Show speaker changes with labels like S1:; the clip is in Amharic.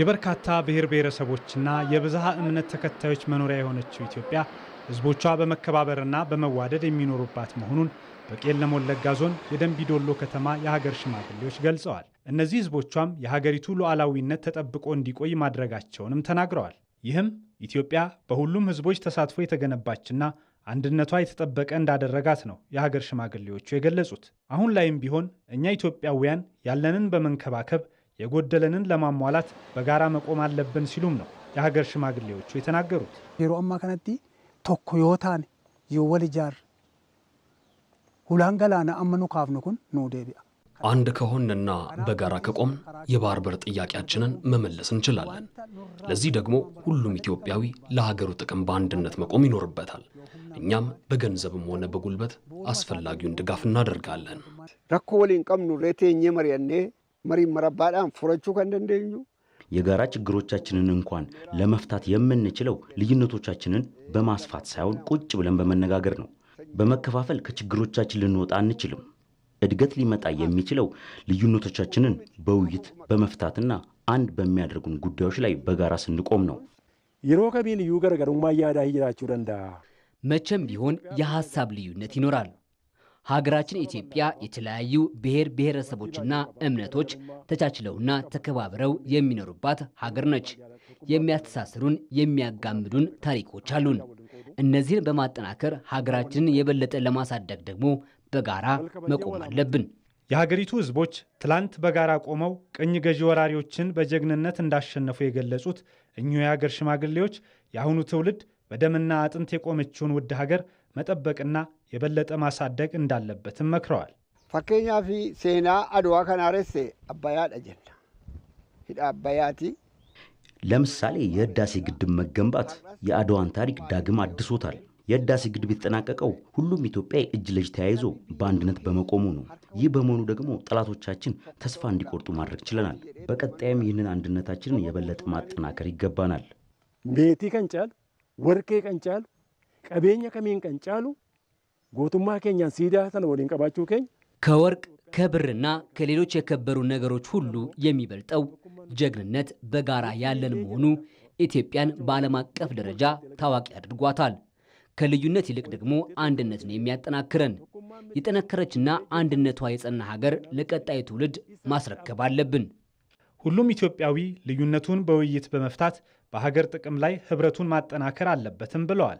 S1: የበርካታ ብሔር ብሔረሰቦችና የብዝሃ እምነት ተከታዮች መኖሪያ የሆነችው ኢትዮጵያ ህዝቦቿ በመከባበርና በመዋደድ የሚኖሩባት መሆኑን በቄለም ወለጋ ዞን የደንቢዶሎ ከተማ የሀገር ሽማግሌዎች ገልጸዋል። እነዚህ ህዝቦቿም የሀገሪቱ ሉዓላዊነት ተጠብቆ እንዲቆይ ማድረጋቸውንም ተናግረዋል። ይህም ኢትዮጵያ በሁሉም ህዝቦች ተሳትፎ የተገነባችና አንድነቷ የተጠበቀ እንዳደረጋት ነው የሀገር ሽማግሌዎቹ የገለጹት። አሁን ላይም ቢሆን እኛ ኢትዮጵያውያን ያለንን በመንከባከብ የጎደለንን ለማሟላት በጋራ መቆም አለብን ሲሉም ነው የሀገር ሽማግሌዎቹ የተናገሩት።
S2: የሮ አማካነቲ ቶኮ ዮታን የወልጃር ሁላንገላና አመኑ ካፍኑ ደቢያ
S3: አንድ ከሆንና በጋራ ከቆም የባህር በር ጥያቄያችንን መመለስ እንችላለን። ለዚህ ደግሞ ሁሉም ኢትዮጵያዊ ለሀገሩ ጥቅም በአንድነት መቆም ይኖርበታል። እኛም በገንዘብም ሆነ በጉልበት አስፈላጊውን ድጋፍ እናደርጋለን።
S4: ረኮ ወሊን ቀምኑ ሬቴኜ መሪያኔ መሪመረባዳን ፍረቹ ከእንደንደኙ
S3: የጋራ ችግሮቻችንን እንኳን ለመፍታት የምንችለው ልዩነቶቻችንን በማስፋት ሳይሆን ቁጭ ብለን በመነጋገር ነው። በመከፋፈል ከችግሮቻችን ልንወጣ አንችልም። እድገት ሊመጣ የሚችለው ልዩነቶቻችንን በውይይት በመፍታትና አንድ በሚያደርጉን ጉዳዮች ላይ በጋራ ስንቆም ነው።
S5: ይሮ ከቤ ልዩ ማያዳ ይላችሁ ደንዳ
S1: መቼም ቢሆን የሀሳብ ልዩነት ይኖራል። ሀገራችን ኢትዮጵያ የተለያዩ ብሔር ብሔረሰቦችና እምነቶች ተቻችለውና ተከባብረው የሚኖሩባት ሀገር ነች። የሚያስተሳስሩን፣ የሚያጋምዱን ታሪኮች አሉን። እነዚህን በማጠናከር ሀገራችንን የበለጠ ለማሳደግ ደግሞ በጋራ መቆም አለብን። የሀገሪቱ ሕዝቦች ትላንት በጋራ ቆመው ቅኝ ገዢ ወራሪዎችን በጀግንነት እንዳሸነፉ የገለጹት እኚሁ የሀገር ሽማግሌዎች የአሁኑ ትውልድ በደምና አጥንት የቆመችውን ውድ ሀገር መጠበቅና የበለጠ ማሳደግ እንዳለበትም መክረዋል።
S4: ፈኬኛ ፊ ሴና አድዋ ከናሬሴ አባያ ደጀና ሂዳ
S3: አባያቲ ለምሳሌ የህዳሴ ግድብ መገንባት የአድዋን ታሪክ ዳግም አድሶታል። የህዳሴ ግድብ የተጠናቀቀው ሁሉም ኢትዮጵያዊ እጅ ለእጅ ተያይዞ በአንድነት በመቆሙ ነው። ይህ በመሆኑ ደግሞ ጠላቶቻችን ተስፋ እንዲቆርጡ ማድረግ ችለናል። በቀጣይም ይህንን አንድነታችንን የበለጠ ማጠናከር ይገባናል።
S6: ቤቲ ቀንጫል ወርቄ ቀንጫል qabeenya kamiin kan caalu gootummaa keenyaan siidaatan waliin ቀባቹ keenya
S1: ከወርቅ ከብርና ከሌሎች የከበሩ ነገሮች ሁሉ የሚበልጠው ጀግንነት በጋራ ያለን መሆኑ ኢትዮጵያን በዓለም አቀፍ ደረጃ ታዋቂ አድርጓታል። ከልዩነት ይልቅ ደግሞ አንድነት ነው የሚያጠናክረን። የጠነከረችና አንድነቷ የጸና ሀገር ለቀጣይ ትውልድ ማስረከብ አለብን። ሁሉም ኢትዮጵያዊ ልዩነቱን በውይይት በመፍታት በሀገር ጥቅም ላይ ህብረቱን ማጠናከር አለበትም ብለዋል።